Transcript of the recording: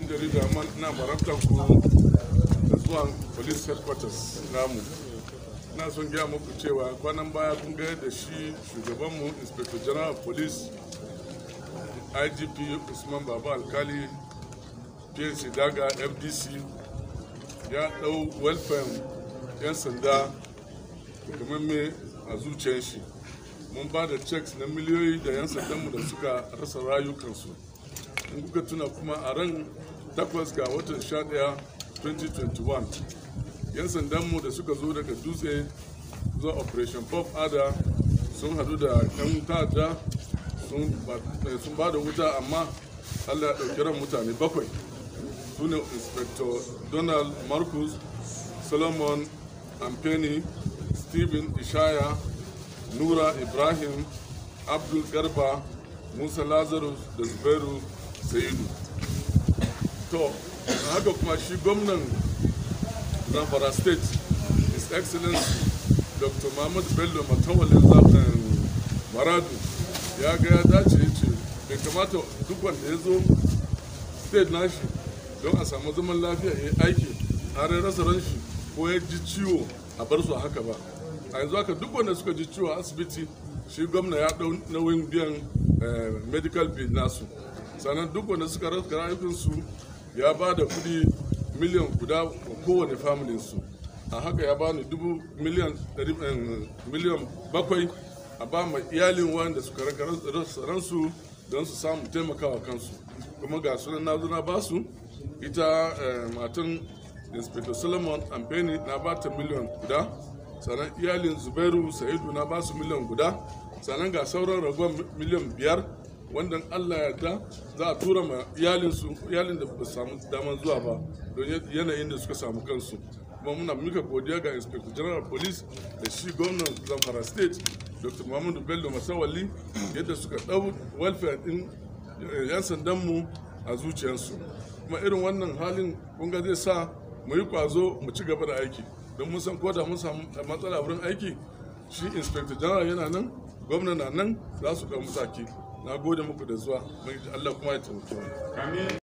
'yan jarida na marabtan ku da zuwan police headquarters namu na son gaya muku cewa kwanan baya kun ga da shi shugabanmu inspector general of police igp usman baba alkali pnc daga fdc ya ɗau welfare 'yan sanda kamar a zuciyar shi mun ba da checks na miliyoyi da 'yan sandanmu da suka rasa rayukansu in kuka tuna kuma a ran 8 ga watan 11 2021 yan sandanmu da suka zo daga dutse zuwa operation pop ada sun hadu da yan ta'adda eh, sun ba da wuta amma allah ɗauki ran mutane bakwai su ne inspector donald marcus solomon ampeni stephen ishaya nura ibrahim abdul garba musa lazarus da zubairu sa'idu to haka kuma shi gwamnan zamfara state his excellency dr mahmud bello matawalin zafin maradu ya ga ya dace ya ce bai kamata duk wanda ya zo state nashi don a samu zaman lafiya ya aiki har ya rasa ran shi ko ya ji ciwo a bar su haka ba a yanzu haka duk wanda suka ji ciwo a asibiti shi gwamna ya dau nauyin biyan eh, medical bill nasu sannan duk wanda suka rasa rayukansu ya ba da kudi miliyan guda kowane familin su a haka ya bani dubu eh, miliyan bakwai a ba ma iyalin wanda suka rasa ransu don su samu taimakawa kansu kuma ga sunan na ba su ita eh, matan inspector solomon amfani na ba ta miliyan guda sannan iyalin zubairu sa'idu na ba su miliyan guda sannan ga sauran ragon miliyan biyar wanda allah yarda za a tura ma yalin da ba samu daman zuwa ba don yanayin da suka samu kansu kuma muna muka godiya ga inspector general police da shi gwamnan zamfara state dr mahmudu bello masawali yadda suka ɗau welfare din eh, yan sandanmu a zuciyarsu kuma irin wannan halin kunga zai sa mu yi kwazo mu ci gaba da aiki don mun san ko da mun samu matsala wurin aiki shi inspector general yana nan gwamna na nan za su ɗau mataki na gode muku da zuwa Allah kuma ya taimake mu